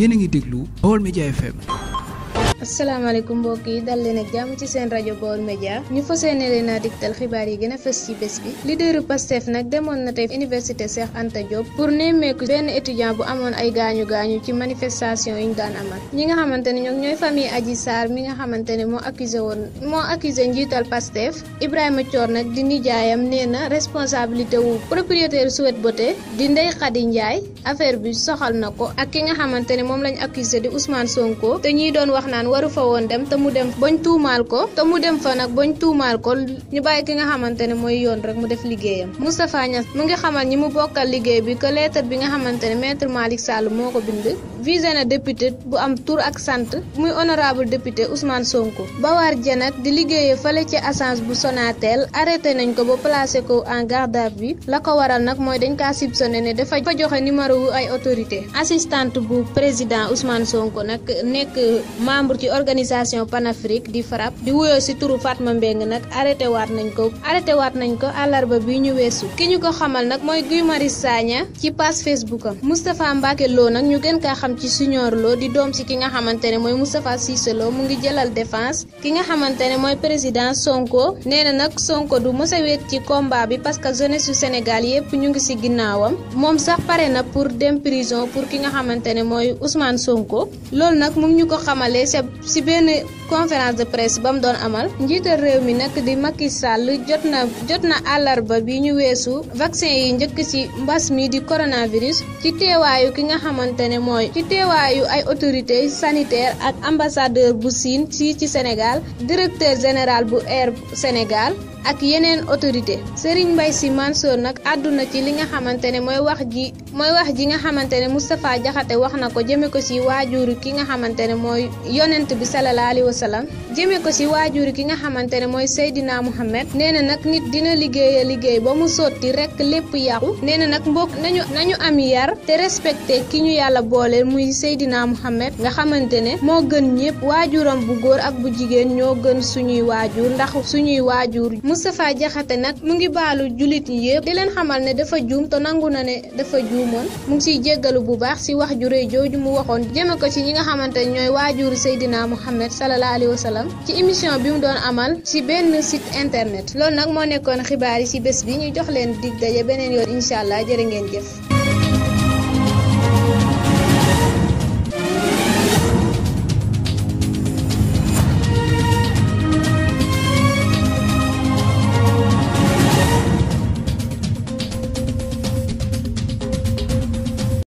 yéen a ngi déglu Baol Média FM. asalaamaaleykum mbokk yi dal leen ak jàmm ci seen rajo Baol Média ñu fas yéene leen a digtal xibaar yi gën a fës ci bés bi leaderu Pastef nag demoon na tey université Cheikh Anta Diop pour nemmeeku benn étudiant bu amoon ay gaañu gaañu ci manifestation yi ñu daan amal ñi nga xamante ne ñoom ñooy famille Adji Sarr mi nga xamante ne moo accusé woon moo accusé njiital Pastef Ibrahima coor nag di nijaayam nee na responsabilité wu propriétaire Sweet Beauté di Ndeye Khady Ndiaye affaire bi soxal na ko ak ki nga xamante ne moom lañ accusé di Ousmane Sonko te waru fa woon dem te mu dem bañ tuumaal ko te mu dem fa nag bañ tuumaal ko ñu bàyyi ki nga xamante ne mooy yoon rek mu def liggéeyam Moustapha Niass mu ngi xamal ñi mu bokkal liggéey bi ko lettre bi nga xamante ne maître Malick moo ko bind visé na député bu am tur ak sant muy honorable député Ousmane Sonko Bawar Dieng di liggéeyee fale ci agence bu Sonatel arrêté nañ ko ba placé ko en gardaar bi la ko waral nag mooy dañ kaa soupçonné ne dafa joxe numéro ay autorité assistante bu président Ousmane Sonko nag nekk membre ci organisation panafrique di FRAPP di wuyoo si turu Fatma Mbeng nag arrêté waat nañ ko arrêté waat nañ ko àllarba bi ñu weesu ki ñu ko xamal nag mooy Guy Marius Sagna ci page Facebook am Moustapha Mbacke Lo nag ñu gën kaa xam ci Signor Lo di doom si ki nga xamante ne mooy Moustapha Cissé Lo mu ngi jëlal défense ki nga xamante ne mooy président Sonko nee na nag Sonko du mës a ci combat bi parce que jeunesse su Sénégal yépp ñu ngi si ginnaawam moom sax pare na pour dem prison ki nga xamante ne mooy Ousmane Sonko si benn conférence de presse ba mu doon amal njiital réew mi nag di Macky Sall jot na jot na àllarba bi ñu weesu vaccin yi njëkk ci mbas mi di coronavirus ci teewaayu ki nga xamante ne mooy ci teewaayu ay autorité sanitaire ak ambassadeur bu Siin si ci Sénégal directeur général bu Air Sénégal ak yeneen autorité Serigne mbay Sy Mansour nag àdduna ci li nga xamante ne mooy wax ji mooy wax ji nga xamante ne Moustapha Diakhaté wax na ko jëme ko ci waajuru ki nga xamante ne mooy yonent bi sallallahu wasalam jëmee ko ci waajur ki nga xamante ne mooy Seydina Muhammad nee na nag nit dina liggéeya liggéey ba mu sotti rekk lépp yàqu nee na nag mbokk nañu nañu am yar te respecté ki ñu yàlla boole muy Seydina Muhammad nga xamante ne moo gën ñëpp waajuram bu góor ak bu jigéen ñoo gën suñuy waajur ndax suñuy waajur Moustapha jaxate nag mu ngi baalu jullit yi yëpp di leen xamal ne dafa juum te nangu na ne dafa juumoon mu ngi siy jéggalu bu baax ci wax ju réy jooju mu waxoon jëme ko ci ñi nga xamante sallallahu alayhi ci émission bi mu doon amal ci benn site internet loolu nag moo nekkoon xibaar yi ci bés bi ñu jox leen dig daje beneen yoon incha allah jërë ngeen jëf.